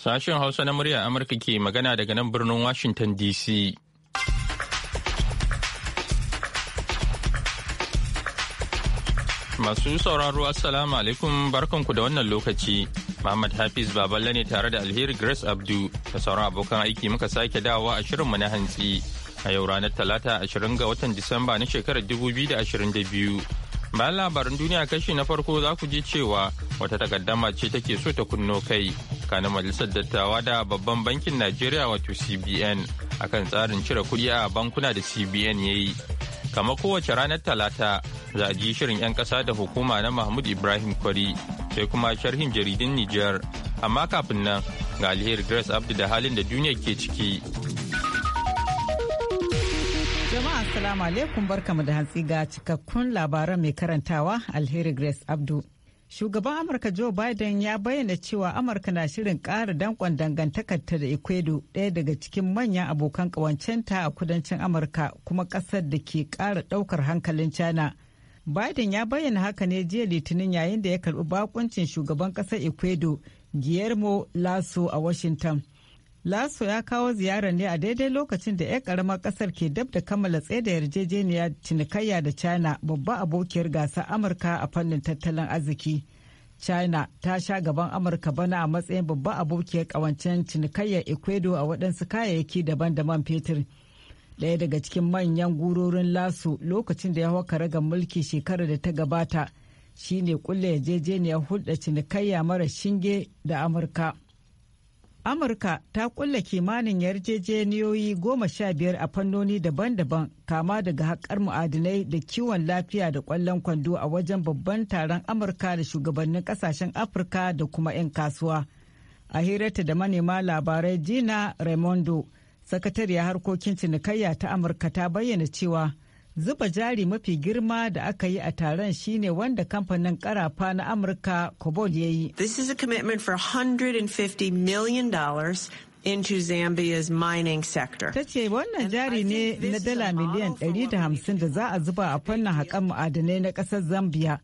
Sashen Hausa na murya Amurka ke magana daga nan birnin Washington DC. Masu sauraro Assalamu alaikum barkanku da wannan lokaci. Muhammad Hafiz Baballe ne tare da Alheri Grace Abdu da sauran abokan aiki muka sake dawowa a shirinmu na hantsi. A yau ranar Talata 20 ga watan Disamba na shekarar 2022. Bayan labaran duniya kashi na farko za ku ji cewa wata takaddama ce take so ta kunno kai kana Majalisar Dattawa da Babban Bankin Najeriya wato CBN akan tsarin cire kuɗi a bankuna da CBN ya yi. Kama kowace ranar Talata za a ji shirin 'yan ƙasa da hukuma na Mahmud Ibrahim Kwari sai kuma sharhin jaridin Nijar. Amma kafin nan ga alheri Grace Abdu da halin da duniya ke ciki. Assalamu alaikum barkamu da hantsi ga cikakkun labaran mai karantawa Alheri Grace Abdu. Shugaban Amurka Joe Biden ya bayyana cewa Amurka na shirin ƙara danƙon dangantakarta da Ecuador ɗaya daga cikin manyan abokan ƙawancenta a kudancin Amurka kuma ƙasar da ke ƙara ɗaukar hankalin China. Biden ya bayyana haka ne jiya Litinin yayin da ya karɓi bakuncin shugaban ƙasar Ecuador Guillermo Lasso a Washington. Laso ya kawo ziyarar ne a daidai lokacin da 'yan karamar kasar ke dab da kammala da yarjejeniya cinikayya da China babba abokiyar gasar Amurka a fannin tattalin arziki. China ta sha gaban Amurka bana a matsayin babba abokiyar kawancen cinikayya Ecuador a waɗansu kayayyaki daban da man fetur. Ɗaya daga cikin manyan gurorin Laso lokacin da ya hau ragar mulki shekarar da ta gabata shine kulle yarjejeniyar hulɗa cinikayya mara shinge da Amurka. Amurka ta kulla kimanin yarjejeniyoyi goma sha biyar a fannoni daban-daban kama daga haƙar mu'adinai da kiwon lafiya da ƙwallon kwando a wajen babban taron Amurka da shugabannin ƙasashen Afirka da kuma 'yan kasuwa. A hirarta da manema labarai Gina Raimondo, sakatariya harkokin cinikayya ta Amurka ta bayyana cewa zuba jari mafi girma da aka yi a taron shine wanda kamfanin karafa na amurka cobalt ya yi this is a commitment for 150 million dollars into Zambia's mining sector. Ta ce wannan jari ne na dala miliyan 150 da za a zuba a fannin haƙan ma'adanai na ƙasar Zambia.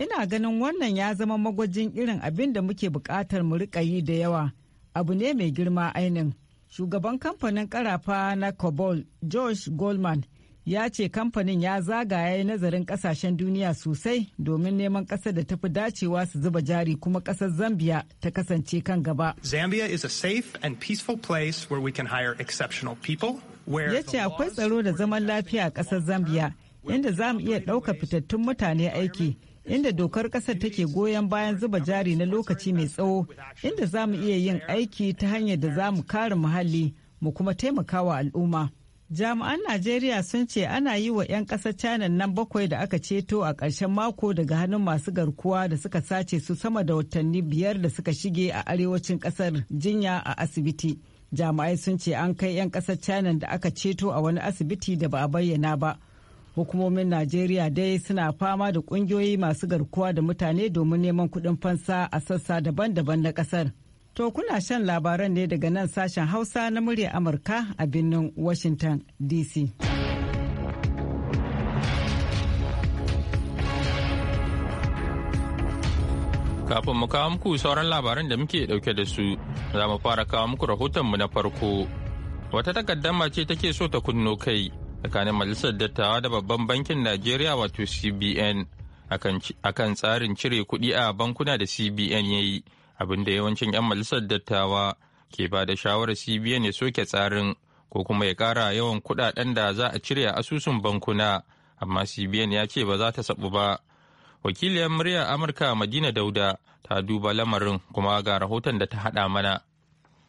Ina ganin wannan ya zama magwajin irin abin da muke buƙatar mu riƙa yi da yawa. Abu ne mai girma ainin. Shugaban kamfanin karafa na Cobol, Josh Goldman, ya ce kamfanin ya zagaya nazarin kasashen duniya sosai domin neman ƙasar da tafi dacewa su zuba jari kuma ƙasar Zambia ta kasance kan gaba. Zambia is a safe and peaceful place where we can hire exceptional people. Ya ce akwai tsaro da zaman lafiya a ƙasar Zambia inda za mu iya ɗauka fitattun mutane aiki. Inda dokar ƙasar take goyon bayan zuba jari na lokaci mai tsawo, inda za mu iya yin aiki ta hanyar da za mu kare muhalli mu kuma taimakawa al'umma. jami'an najeriya sun ce ana yi wa 'yan ƙasar china nan bakwai da aka ceto a ƙarshen mako daga hannun masu garkuwa da suka sace su sama da watanni biyar da suka shige a arewacin ƙasar jinya a asibiti jami'ai sun ce an kai 'yan ƙasar china da aka ceto a wani asibiti da ba a bayyana ba hukumomin najeriya dai suna fama da ƙungiyoyi masu garkuwa da mutane domin neman kuɗin fansa a sassa daban-daban na ƙasar To kuna shan labaran ne daga nan sashen Hausa na murya Amurka a birnin Washington DC. Kafin mu kawo muku sauran labaran da muke dauke da su, za mu fara kawo muku rahotonmu na farko. Wata takaddama ce take so ta kunno kai tsakanin Majalisar Dattawa da Babban Bankin Najeriya wato CBN akan tsarin cire kuɗi a bankuna da CBN ya yi abin da yawancin 'yan majalisar dattawa ke ba da shawarar cbn ya soke tsarin ko kuma ya ƙara yawan kuɗaɗen da za a cire a asusun bankuna amma cbn ya ce ba za ta sabu ba wakiliyar muryar amurka madina dauda ta duba lamarin kuma ga rahoton da ta haɗa mana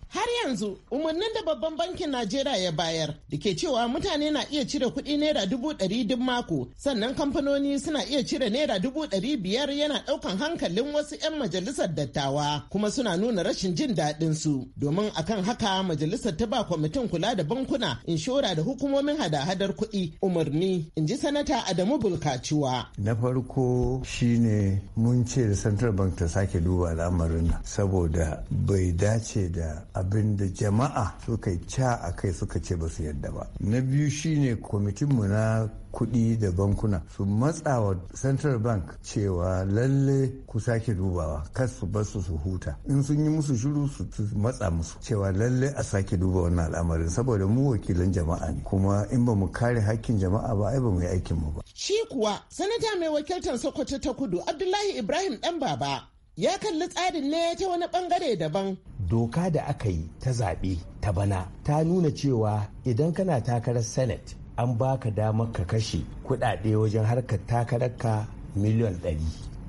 Har yanzu umarnin da babban bankin Najeriya ya bayar da ke cewa mutane na iya cire kuɗi naira dubu ɗari duk mako sannan kamfanoni suna iya cire naira dubu ɗari biyar yana ɗaukan hankalin wasu 'yan majalisar dattawa kuma suna nuna rashin jin daɗin su domin akan haka majalisar ta ba kwamitin kula da bankuna inshora da hukumomin hada-hadar kuɗi umarni in ji sanata Adamu Bulkaciwa. Na farko shine mun ce da Central Bank ta sake duba al'amarin saboda bai dace da abin da jama'a suka yi ca a kai suka ce ba su yadda ba na biyu shine kwamitinmu na kuɗi da bankuna su matsa wa central bank cewa lalle ku sake dubawa kas su basu su huta in sun yi musu shiru su matsa musu cewa lalle a sake duba wannan al'amarin saboda mu wakilan jama'a ne kuma in ba mu kare hakkin jama'a ba ai ba mu yi aikin mu ba shi kuwa sanata mai wakiltar sokoto ta kudu abdullahi ibrahim dan baba ya kalli tsarin ne ta wani bangare daban doka da aka yi ta zaɓe ta bana ta nuna cewa idan kana takarar senate an baka damar ka kashe kuɗaɗe wajen harkar takarar ka miliyan 100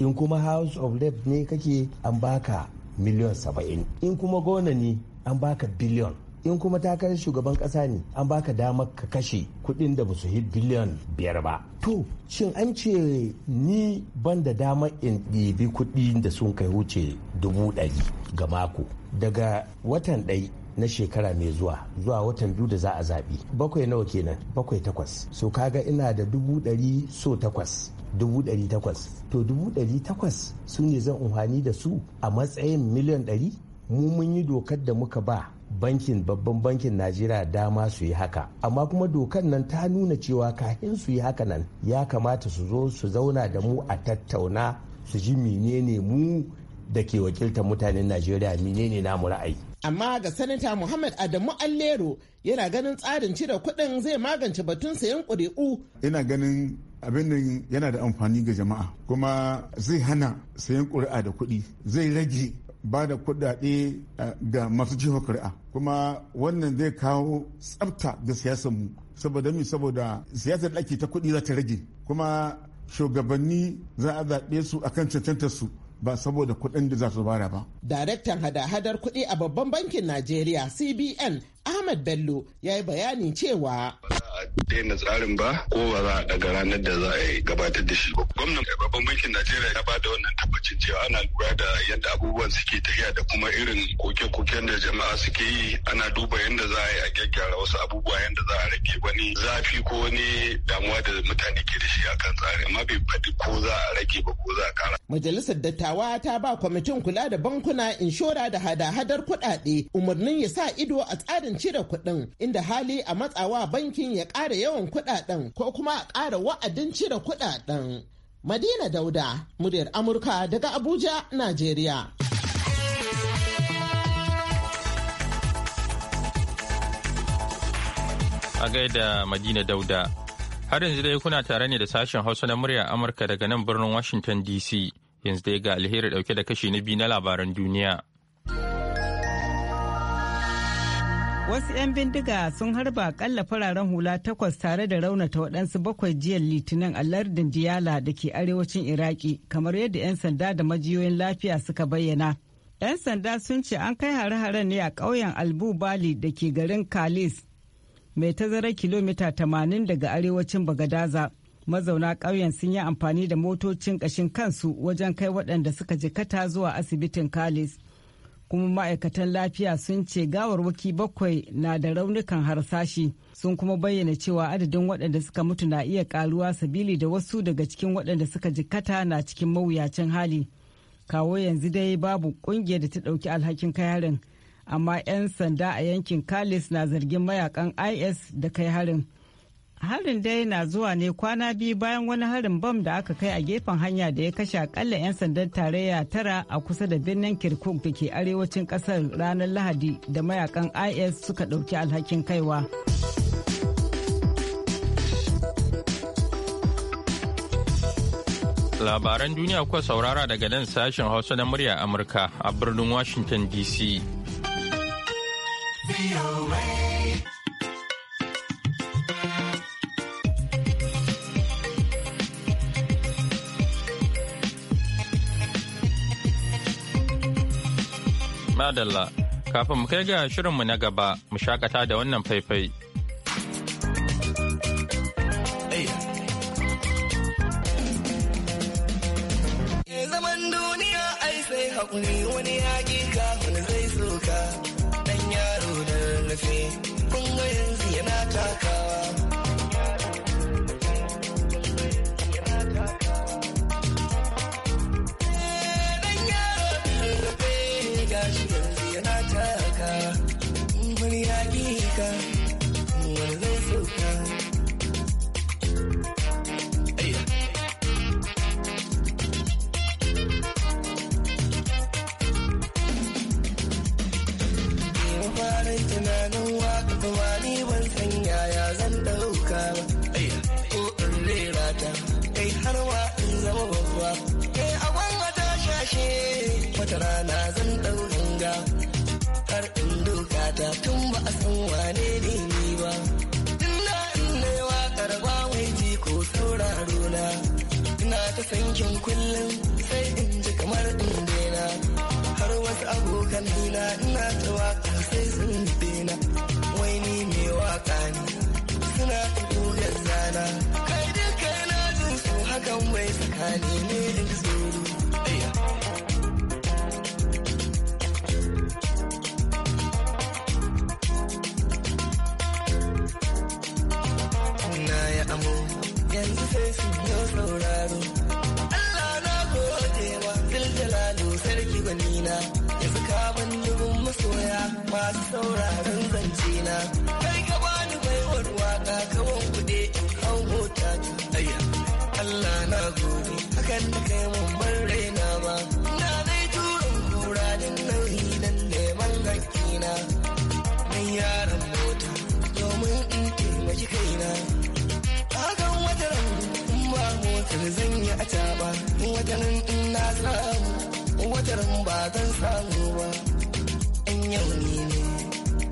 in kuma house of rep ne kake an baka miliyan 70 in kuma gona ne an baka biliyon in kuma takarar shugaban kasa ne an baka damar ka kashe kuɗin da basu hit biliyan biyar ba to shin an ce ni ban da damar in ɗibi kuɗi da sun kai wuce dubu ɗari ga mako daga watan ɗai na shekara mai zuwa zuwa watan biyu da za a zaɓi bakwai nawa kenan bakwai takwas so kaga ina da dubu ɗari so takwas dubu ɗari takwas to dubu ɗari takwas su ne zan umhani da su a matsayin miliyan ɗari mu mun yi dokar da muka ba bankin babban bankin najeriya dama su yi haka amma kuma dokan nan ta nuna cewa kafin su yi haka nan ya kamata su zo su zauna da mu a tattauna su ji menene mu da ke wakiltar mutanen najeriya menene namu ra'ayi amma ga sanata muhammad adamu allero yana ganin tsarin cire kuɗin zai magance batun sayan kuri'u. ina ganin abin nan yana da amfani ga jama'a kuma zai hana sayan ƙuri'a da kuɗi zai rage ba da kuɗaɗe ga masu jefa kuri'a kuma wannan zai kawo tsafta ga siyasar mu saboda mi saboda siyasar da ta kuɗi za ta rage kuma shugabanni za a zaɓe su akan cancantar su ba saboda kuɗin da za su bara ba. Daraktan hada-hadar kuɗi a babban bankin Najeriya CBN Ahmad Bello ya yi bayani cewa. a daina tsarin ba ko ba za a daga ranar da za a yi gabatar da shi ba. Gwamnan babban bankin Najeriya ya bada wannan tabbacin cewa ana lura da yadda abubuwan suke tafiya da kuma irin koke-koken da jama'a suke yi ana duba yadda za a yi a gyaggyara wasu abubuwa yadda za a rage wani zafi ko wani damuwa da mutane ke da shi akan tsari amma bai faɗi ko za a rage ba ko za a kara. Majalisar dattawa ta ba kwamitin kula da bankuna inshora da hada-hadar kuɗaɗe umarnin ya sa ido a tsarin cire kuɗin inda hali a matsawa bankin ya ƙara yawan kuɗaɗen ko kuma a ƙara wa'adin cire kuɗaɗen. Madina Dauda, muryar Amurka daga Abuja, Najeriya. A gaida Madina Dauda, har yanzu dai kuna tare ne da sashen Hausa na muryar Amurka daga nan birnin Washington DC, yanzu dai ga alheri ɗauke da kashi na biyu na labaran duniya. Wasu 'yan bindiga sun harba kalla fararen hula takwas tare da raunata waɗansu bakwai jiya litinin a lardin Diyala da ke arewacin Iraki kamar yadda 'yan sanda da majiyoyin lafiya suka bayyana. 'Yan sanda sun ce an kai hare-haren ne a ƙauyen Albu da ke garin Kalis mai tazarar kilomita 80 daga arewacin Bagadaza. mazauna ƙauyen sun yi amfani da motocin ƙashin kansu wajen kai waɗanda suka jikata zuwa asibitin kalis kuma ma'aikatan lafiya sun ce gawarwaki bakwai na da raunukan harsashi sun kuma bayyana cewa adadin waɗanda suka mutu na iya karuwa sabili da wasu daga cikin waɗanda suka jikkata na cikin mawuyacin hali kawo yanzu dai babu ƙungiyar da ta ɗauki alhakin kai harin amma 'yan sanda a yankin kalis na zargin mayakan is da kai harin harin dai na zuwa ne kwana biyu bayan wani harin bam da aka kai a gefen hanya da ya kashe akalla 'yan sandan tarayya tara a kusa da birnin kirkuk da ke arewacin kasar ranar lahadi da mayakan is suka ɗauki alhakin kaiwa labaran duniya kuwa saurara daga nan sashen hausa na murya amurka a birnin washington dc Madalla, kafin mu kai ga shirinmu na gaba mu shakata da wannan faifai. Zaman duniya ai sai haƙuri wani yaƙi kafin zai soka, ɗan yaro da rarrafe kun yanzu yana takawa. gan wai tsakani honey. in kan da kai mun raina ba na zai turin kura din nauyi don neman hakkina mai yaran mota domin in taimaki kaina hakan wataran in ba motar zan yi a taɓa wataran samu wataran ba zan samu ba in yau ne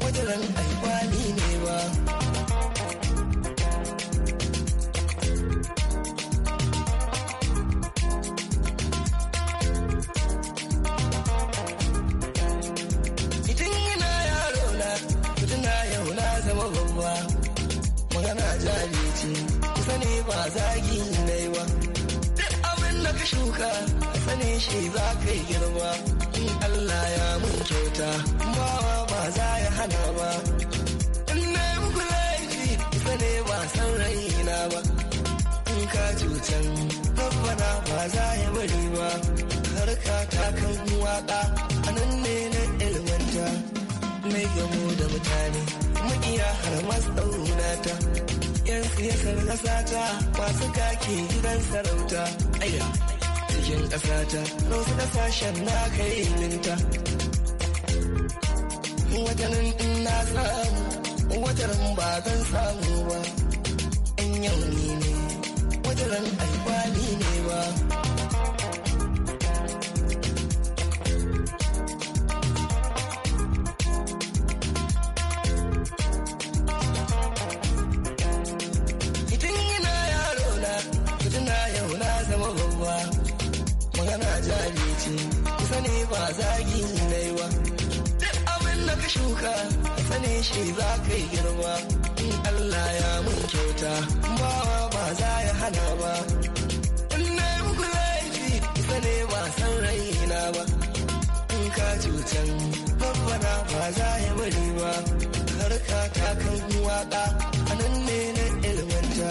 wataran alfani shuka sani shi za ka yi girma in Allah ya mun kyauta bawa ba za ya hana ba in na yi muku laifi sane ba san raina ba in ka cutar babbana ba za ya bari ba ka ta kan waka a nan ne na ilmanta mai gamo da mutane makiya har masu ta 'yan siyasar ƙasa ta masu kake gidan sarauta. Aya. cikin ƙasata da sashen na kai ninta watanin din na samu watanin ba zan samu ba in yau ne watanin alfani ne ba jamici sani ba zagi dai ba duk abin da ka shuka sani shi za ka yi girma in Allah ya mun kyauta bawa ba za ya hana ba in na yi muku laifi sane ba san raina ba in ka cutan babbana ba za ya bari ba harka ta kan waka a nan ne na ilmanta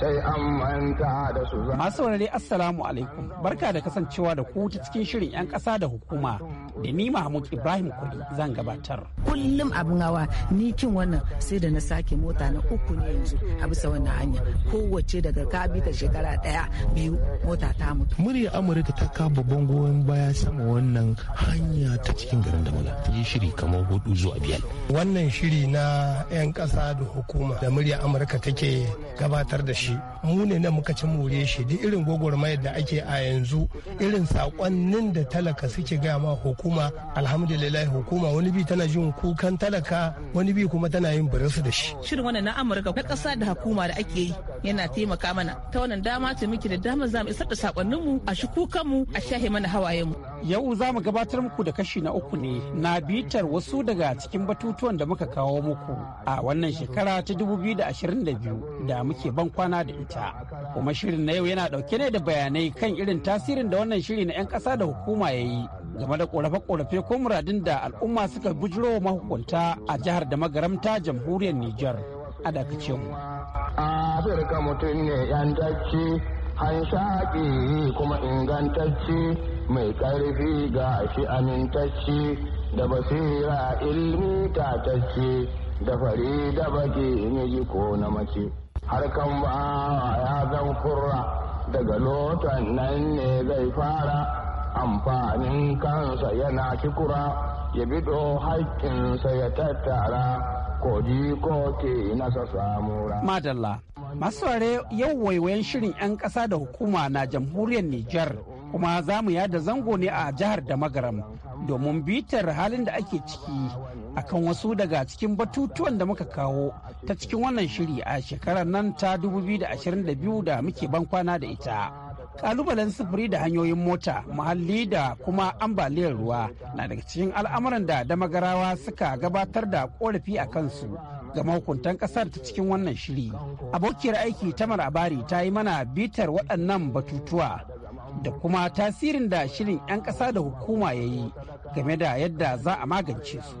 sai an manta da su zama. Masu warare Assalamu alaikum barka da kasancewa da ku cikin shirin 'yan ƙasa da hukuma da ni Mahmud Ibrahim Kudi zan gabatar. Kullum abin hawa ni kin wannan sai da na sake mota na uku ne yanzu a bisa wannan hanya kowace daga ka ta shekara ɗaya biyu mota ta mutu. Murya Amurka ta kafa bangon baya sama wannan hanya ta cikin garin Damala ta yi shiri kamar hudu zuwa biyar. Wannan shiri na 'yan ƙasa da hukuma da murya Amurka take gabatar da shi shi mu ne na muka ci more shi da irin gwagwarmayar da ake a yanzu irin sakonnin da talaka suke gaya ma hukuma alhamdulillah hukuma wani bi tana jin kukan talaka wani bi kuma tana yin birinsu da shi shirin wannan na amurka na kasa da hukuma da ake yi yana taimaka mana ta wannan dama ce muke da dama za mu isar da sakonnin mu a shi kukan mu a shahe mana hawayen mu Yau za mu gabatar muku da kashi na uku ne na bitar wasu daga cikin batutuwan da muka kawo muku a wannan shekara ta 2022 da muke ban kwana da ita. Kuma shirin na yau yana dauke ne da bayanai kan irin tasirin da wannan shiri na 'yan kasa da hukuma ya yi game da korafe-korafe ko muradin da al'umma suka bujiro mahukunta a jihar da magaramta jamhuriyar Nijar a dakace Afirka mutum ne 'yan kuma ingantacci. mai ƙarfi ga shi amintacci da basira ilmi tatacce da fari da baki miji ko na mace harkan ba ya zan kurra daga lotan nan ne zai fara amfanin kansa yana kikura ya bido haƙƙinsa ya tattara kodi ko ke nasa samura madalla masu yau waiwayen shirin 'yan ƙasa da hukuma na jamhuriyar nijar kuma za mu yada zango ne a jihar da magaram domin bitar halin da ake ciki akan wasu daga cikin batutuwan da muka kawo ta cikin wannan shiri a shekarar nan ta 2022 da muke ban kwana da ita kalubalen sufuri da hanyoyin mota muhalli da kuma ambaliyar ruwa na daga cikin al'amuran da damagarawa suka gabatar da korafi a kansu ga mahukuntan kasar ta cikin wannan shiri abokiyar aiki tamar abari ta yi mana bitar waɗannan batutuwa da kuma tasirin da shirin 'yan ƙasa da hukuma ya yi game da yadda za a magance su.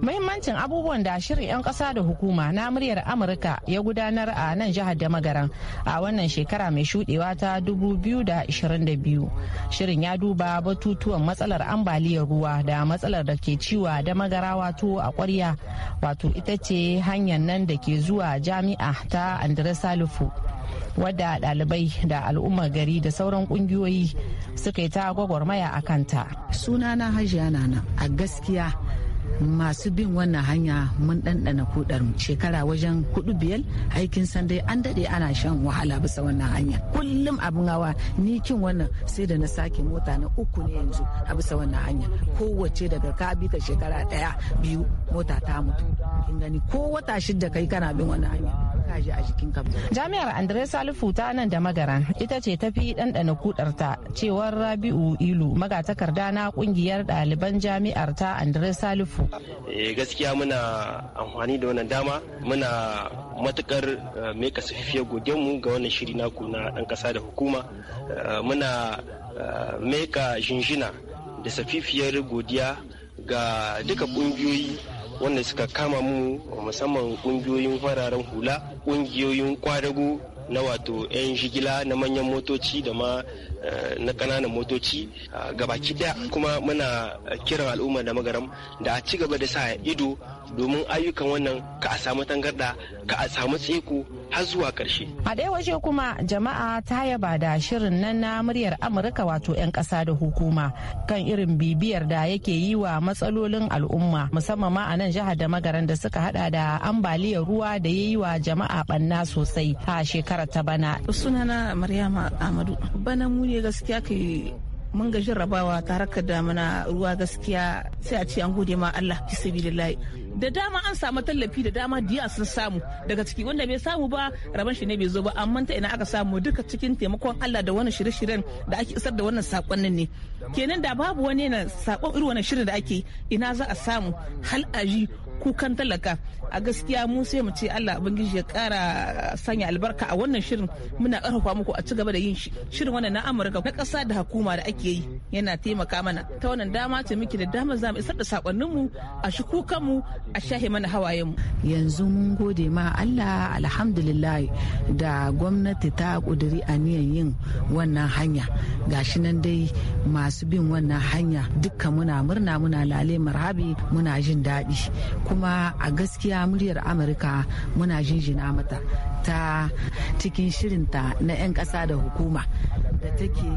Muhimmancin abubuwan da shirin 'yan ƙasa da hukuma na muryar Amurka ya gudanar a nan jihar da magaran a wannan shekara mai shudewa ta 2022. Shirin ya duba batutuwan matsalar ambaliyar ruwa da matsalar da ke ciwa da magara wato a kwarya wato ita ce hanyar nan da ke zuwa jami'a ta Andres Salifu. wadda dalibai da al'ummar gari da sauran ƙungiyoyi suka yi ta gwagwarmaya a kanta sunana hajiya nana a gaskiya masu bin wannan hanya mun ɗanɗana kudar shekara wajen hudu biyar aikin sandai an daɗe ana shan wahala bisa wannan hanya kullum abin hawa ni kin wannan sai da na sake mota na uku ne yanzu a bisa wannan hanya kowace daga ka bi ka shekara ɗaya biyu mota ta mutu kin gani ko wata shidda kai kana bin wannan hanya kaji a jikin ka jami'ar andres salifu ta nan da magara ita ce tafi ɗanɗana ta cewar rabi'u ilu magatakarda na kungiyar ɗaliban jami'ar ta andres salifu Eh, gaskiya muna amfani da wannan dama muna matukar eh, mai kasafifiyar mu ga wannan shiri naku na ɗan ƙasa da hukuma eh, muna meka shinshina da safifiyar godiya ga duka ƙungiyoyi wanda suka kama mu musamman ƙungiyoyin fararen hula ƙungiyoyin kwadago na wato 'yan shigila na manyan motoci da ma eh, na ƙananan motoci ah, gabaki daya kuma muna kiran al'umma da magaram da a ci gaba da sa ido domin ayyukan wannan ka a samu tangarda ka a samu tseko har zuwa karshe. A ɗaya waje kuma jama'a ta yaba da shirin nan na muryar Amurka wato 'yan ƙasa da hukuma kan irin bibiyar da yake yi wa matsalolin al'umma musamman ma a nan jihar da magaran da suka hada da ambaliyar ruwa da ya yi wa jama'a banna sosai a shekarar ta bana. Sunana Maryama Amadu. Bana mu ne gaskiya kai mun ga jarrabawa haraka da damuna ruwa gaskiya sai a ce an gode ma Allah fi sabilillahi da dama an samu tallafi da dama diya sun samu daga ciki wanda bai samu ba rabon shi ne bai zo ba amma ta ina aka samu duka cikin taimakon Allah da wannan shirye-shiryen da ake isar da wannan sakonnin ne kenan da babu wani na sakon irin wannan shirin da ake ina za a samu hal aji kukan talaka a gaskiya mu sai mu ce Allah ubangiji ya kara sanya albarka a wannan shirin muna karfafa muku a ci gaba da yin shirin wannan na Amurka na ƙasa da hukuma da ake yi yana taimaka mana ta wannan dama ce miki da dama za mu isar da sakonnin mu a shi kukan mu a shahe mana hawayen mu yanzu mun gode ma Allah alhamdulillah da gwamnati ta kuduri aniyan yin wannan hanya gashi nan dai masu bin wannan hanya dukkan muna murna muna lale marhabi muna jin daɗi kuma a gaskiya muryar amurka muna jinjina mata ta cikin shirinta na 'yan ƙasa da hukuma da take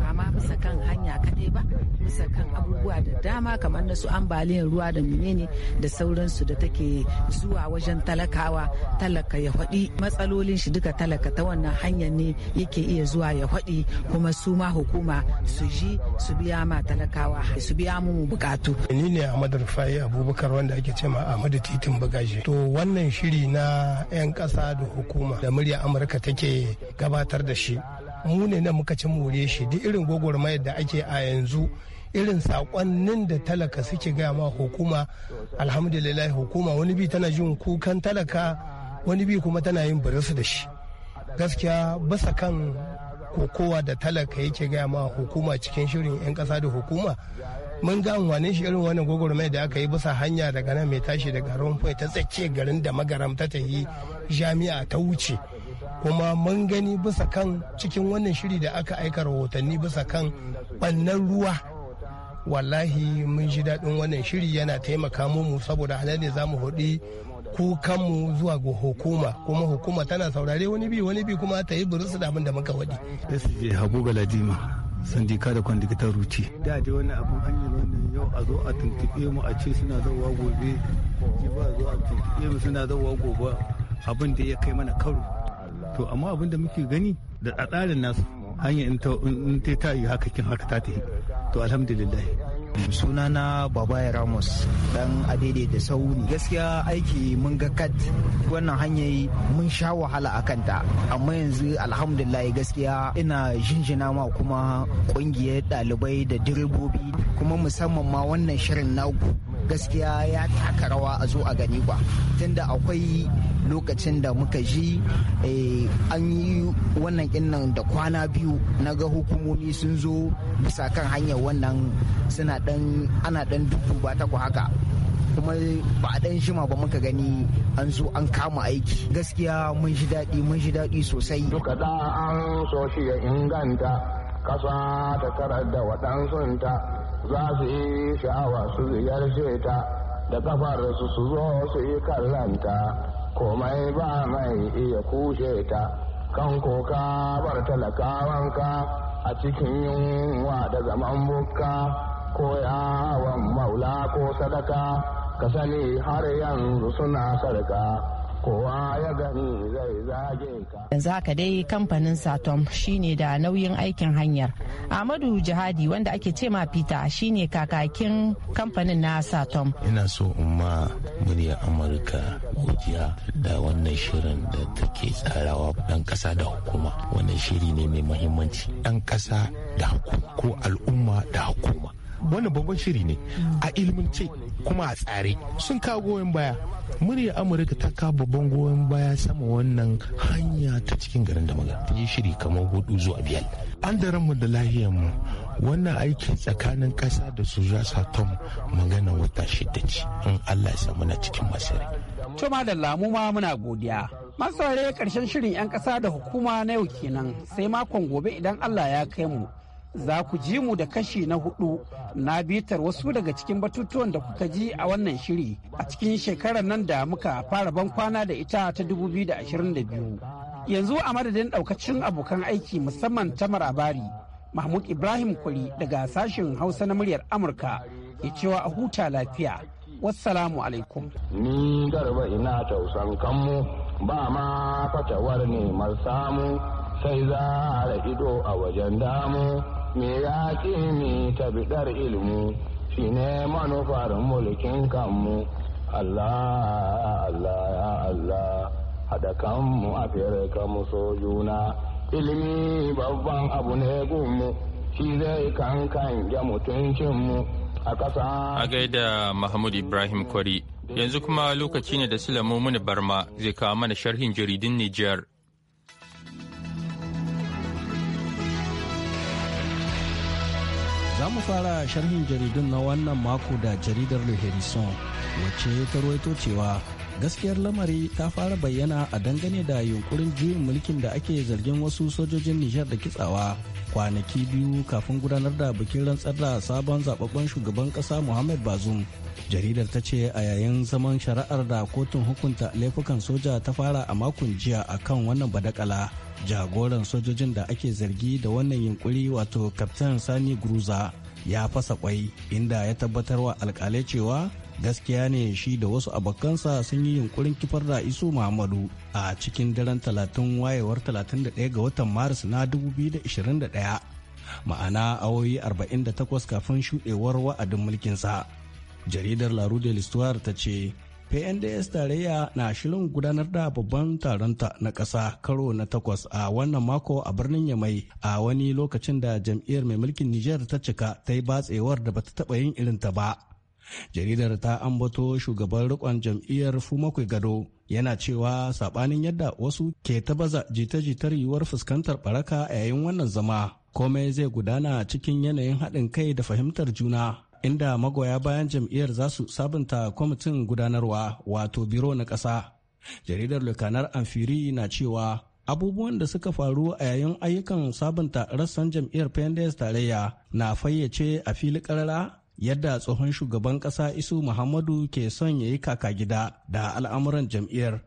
ba ma bisa kan hanya kadai ba bisa kan abubuwa da dama kamar na su ambaliyar ruwa da menene da sauransu da take zuwa wajen talakawa talaka ya faɗi matsalolin shi duka talaka ta wannan hanyar ne yake iya zuwa ya faɗi kuma su ma hukuma su ji su biya ma talakawa su biya mu bukatu ni ne a madar abubakar wanda ake cema Ahmadu Titin bagaji. To wannan shiri na 'yan ƙasa da hukuma da murya Amurka take gabatar da shi. Mu ne na muka ci more shi duk irin gwagwarmayar da ake a yanzu irin sakonnin da talaka suke gaya ma hukuma alhamdulillah hukuma wani bi tana jin kukan talaka wani bi kuma tana yin birisu da shi gaskiya basa kan kokowa da talaka yake gaya ma hukuma cikin shirin 'yan ƙasa da hukuma mun ga amfanin shi irin wannan mai da aka yi bisa hanya daga nan mai tashi daga rumfai ta tsakiyar garin da magaram ta yi jami'a ta wuce kuma mun gani bisa kan cikin wannan shiri da aka aika rahotanni bisa kan bannan ruwa wallahi mun ji daɗin wannan shiri yana taimaka mu saboda halar ne za mu hudi kukanmu zuwa ga hukuma kuma hukuma tana saurare wani bi wani bi kuma ta yi burusu da abin da muka waɗi. Habu Galadima sandika da kwandikitar ruci da dai wani abin hanyar wannan yau a zo a tuntuɓe mu a ce suna zauwa gobe ji ba zo a tuntuɓe mu suna zauwa gobe abin da ya kai mana karo to amma abin da muke gani da tsatsarin nasu hanyar in ta yi haka kin haka ta ta yi to alhamdulillah sunana babaya ramos dan adede da sauni gaskiya aiki mun ga kat wannan hanyar mun sha wahala a kanta amma yanzu alhamdulillah gaskiya ina jinjina ma kuma kungiyar ɗalibai da direbobi kuma musamman ma wannan shirin nagu. gaskiya ya taka rawa a zo a gani kwa tunda akwai lokacin da muka ji eh, an yi wannan innan da kwana biyu na ga hukumomi sun zo bisa kan hanyar wannan suna dan ana dan ba ta ku haka kuma ba a dan shima ba muka gani an zo an kama aiki gaskiya mun ji daɗi mun ji daɗi sosai duka da an so shi ya inganta kasa ta karar da waɗansunta za su yi sha'awa su ziyarce ta da kafarsu su zo su yi kallanta komai ba mai iya kushe ta kan koka bar talakawanka a cikin yunwa da zaman bukka ko yawon maula ko sadaka ka sani har yanzu suna sarka kowa ya gani zai zage ka. Yanzu haka dai kamfanin Satom shine da nauyin aikin hanyar. amadu Jihadi wanda ake ce ma Peter shine kakakin kamfanin na Satom. Ina so in ma murya Amurka godiya da wannan shirin da take tsarawa dan kasa da hukuma. Wannan shiri ne mai muhimmanci. Dan kasa da hukuma ko al'umma da hukuma. wannan babban shiri ne a ce kuma a tsare sun kawo goyon baya murya amurka ta kawo babban goyon baya sama wannan hanya ta cikin garin da magana ta yi shiri kamar hudu zuwa biyar an da ranmu da lahiyanmu wannan aiki tsakanin kasa da su za su tom magana wata shida ce in allah ya samu na cikin masari to da lamu ma muna godiya masu karshen shirin 'yan kasa da hukuma na yau kenan sai makon gobe idan allah ya kai mu za ku ji mu da kashi na hudu na bitar wasu daga cikin batutuwan da kuka ji a wannan shiri a cikin shekarar nan da muka fara ban kwana da ita ta da ashirin biyu. yanzu a madadin daukacin abokan aiki musamman ta marabari mahmud ibrahim kwari daga sashen hausa na muryar amurka ya cewa a huta lafiya wassalamu alaikum ni garba ina tausan kanmu ba ma fatawar ne samu sai za a ido a wajen damu me ya ni ta bidar ilmu shi ne manufar mulkin kanmu Allah Allah ya Allah hada kanmu a kanmu muso juna ilimi babban abu ne gunmu shi zai kankan ya mutuncinmu a ƙasa. A gaida Mahmud Ibrahim Kwari yanzu kuma lokaci ne da Sulamu Muni Barma zai kawo mana sharhin jaridin Nijar. Za mu fara sharhin jaridun na wannan mako da jaridar Le Harrison wacce ta ruwaito cewa gaskiyar lamari ta fara bayyana a dangane da yunkurin juyin mulkin da ake zargin wasu sojojin Nijar da kitsawa kwanaki biyu kafin gudanar da bikin rantsar da sabon zababben shugaban kasa muhammad bazum jaridar ta ce a yayin zaman shari'ar da kotun hukunta laifukan soja ta fara a makon jiya a kan wannan badakala jagoran sojojin da ake zargi da wannan yunkuri wato kaftan sani guruza ya fasa kwai inda ya tabbatar wa alkalai cewa gaskiya ne shi da wasu abokansa sun yi yunkurin kifar da isu muhammadu a cikin daren talatin wayewar 31 ga watan maris na 2021 ma'ana awoyi 48 kafin shuɗewar wa'adin mulkinsa jaridar la rue de ta ce pnds tarayya na shirin gudanar da babban taronta na ƙasa karo na takwas a wannan mako a birnin yamai a wani lokacin da jam'iyyar mai mulkin niger ta cika ta yi batsewar da bata taɓa yin irin ta ba jaridar ta ambato shugaban rikon jam'iyyar fumakwai gado yana cewa sabanin yadda wasu ke ta baza jita-jitar yiwuwar fuskantar baraka a yayin wannan zama komai zai gudana cikin yanayin haɗin kai da fahimtar juna inda magoya bayan jam'iyyar za su sabunta kwamitin gudanarwa wato biro na ƙasa jaridar lukanar amfiri na cewa abubuwan da suka faru a yayin ayyukan sabunta rassan jam'iyyar pendes tarayya na fayyace a fili karara yadda tsohon shugaban ƙasa isu muhammadu ke son ya yi kaka gida da al'amuran jam'iyyar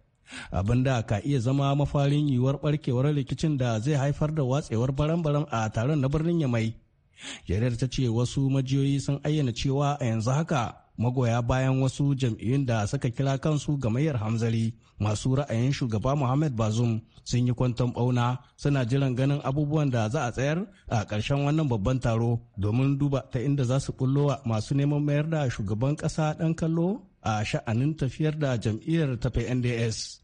abin da ka iya zama mafarin yiwuwar barkewar rikicin da zai haifar da watsewar baram-baram a taron na birnin yamai jaridar ta ce wasu majiyoyi sun ayyana cewa a yanzu haka magoya bayan wasu jam'iyyun da suka kira kansu ga gamayyar hamzari masu ra'ayin shugaba muhammad bazum sun yi kwanton bauna suna jiran ganin abubuwan da za a tsayar a ƙarshen wannan babban taro domin duba ta inda za su wa masu neman mayar da shugaban ƙasa ɗan kallo a sha'anin tafiyar da jam'iyyar tafi nds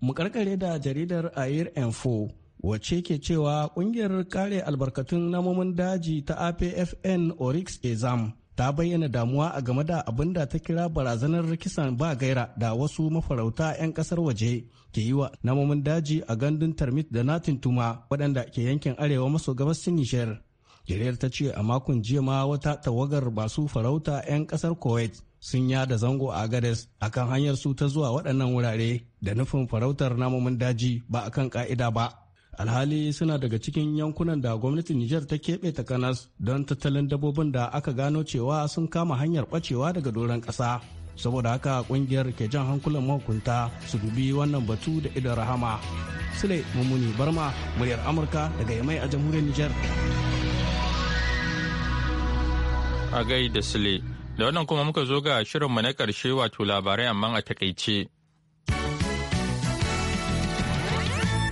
mu karkare da jaridar air info wacce ke cewa ƙungiyar kare albarkatun namomin daji ta apfn orix exam ta bayyana damuwa a game da abin da ta kira barazanar kisan ba gaira da wasu mafarauta 'yan kasar waje ke yi wa namomin daji a gandun tarmit da natin tuma waɗanda ke yankin arewa maso gabashin nishar jiriyar ta ce a makon jiya ma wata tawagar masu farauta 'yan kasar Kuwait sun yada zango a Gades akan hanyar su ta zuwa waɗannan wurare da nufin farautar namomin daji ba akan ka'ida ba. alhali suna daga cikin yankunan da gwamnatin Nijar ta keɓe ta kanas don tattalin dabbobin da aka gano cewa sun kama hanyar ɓacewa daga doron ƙasa. Saboda haka ƙungiyar ke jan hankulan mahukunta su dubi wannan batu da idan rahama. Sule Mummuni Barma, muryar Amurka daga Yamai a jamhuriyar Nijar. A gaida Sule, da wannan kuma muka zo ga shirinmu na karshe wato labarai amma a takaice.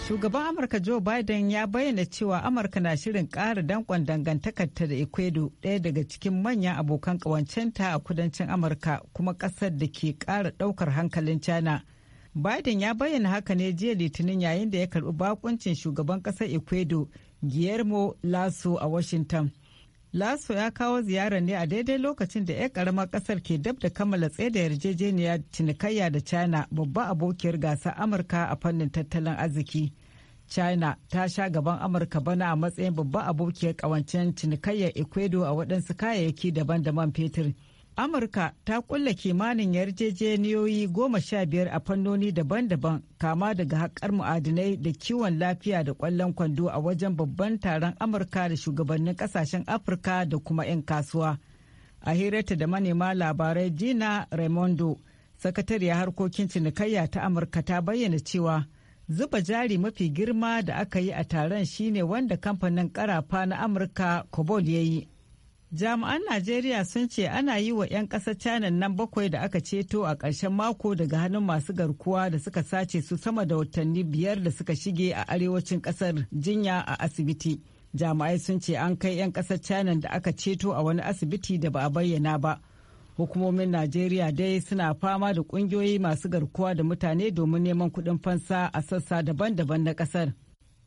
Shugaban Amurka Joe Biden ya bayyana cewa Amurka na shirin ƙara danƙon dangantakarta da Ecuador ɗaya daga cikin manyan abokan ƙawancenta a kudancin Amurka kuma ƙasar da ke ƙara ɗaukar hankalin China. Biden ya bayyana haka ne jiya Litinin yayin da ya karɓi bakuncin shugaban ƙasar Ecuador Guillermo Lasso a Washington. Lasso ya kawo ziyarar ne a daidai lokacin da 'yan karamar kasar ke dab da kammala da yarjejeniya cinikayya da China babba abokiyar gasar Amurka a fannin tattalin arziki. China ta sha gaban Amurka bana a matsayin babba abokiyar kawancen cinikayyar Ecuador a waɗansu kayayyaki daban da man fetur. amurka ta kulla kimanin yarjejeniyoyi goma sha biyar a fannoni daban-daban kama daga haƙar mu'adinai da kiwon lafiya da ƙwallon kwando a wajen babban taron amurka da shugabannin ƙasashen afirka da kuma 'yan kasuwa a hirarta da manema labarai dina raimondo sakatariya harkokin cinikayya ta amurka ta bayyana cewa zuba jari mafi girma da aka yi a taron shine wanda kamfanin karafa na amurka cobol ya yi jami'an najeriya sun ce ana yi wa 'yan ƙasar china nan bakwai da aka ceto a ƙarshen mako daga hannun masu garkuwa da suka sace su sama da watanni biyar da suka shige a arewacin ƙasar jinya a asibiti jami'ai sun ce an kai 'yan ƙasar china da aka ceto a wani asibiti da ba a bayyana ba hukumomin najeriya dai suna fama da ƙungiyoyi masu garkuwa da mutane domin neman kuɗin fansa a sassa daban-daban na ƙasar.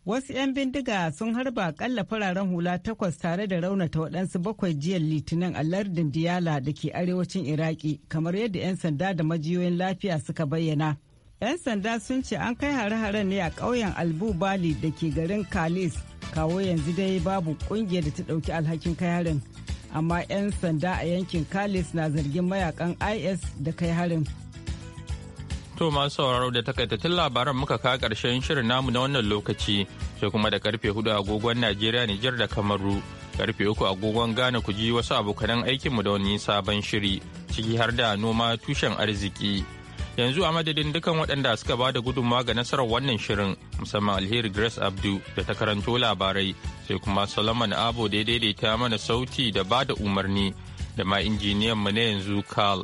Wasu 'yan bindiga sun harba akalla fararen hula takwas tare da raunata waɗansu bakwai jiya litinin a lardin Diyala da ke arewacin Iraki kamar yadda 'yan sanda da majiyoyin lafiya suka bayyana. 'Yan sanda sun ce an kai hare-haren ne a ƙauyen Albu Bali da ke garin Kalis kawo yanzu dai babu ƙungiyar da ta ɗauki alhakin kai harin. Amma 'yan sanda a yankin Kalis na zargin mayakan IS da kai harin. To masu sauraro da takaitattun labaran muka ka karshen shirin namu na wannan lokaci sai kuma da karfe hudu agogon Najeriya Nijar da Kamaru karfe uku agogon Ghana ku ji wasu abokanan aikinmu da wani sabon shiri ciki har da noma tushen arziki. Yanzu a madadin dukan waɗanda suka ba da gudunmawa ga nasarar wannan shirin musamman alheri Grace Abdu da ta karanto labarai sai kuma Solomon Abo da ya daidaita mana sauti da ba da umarni da ma injiniyan mu na yanzu Carl.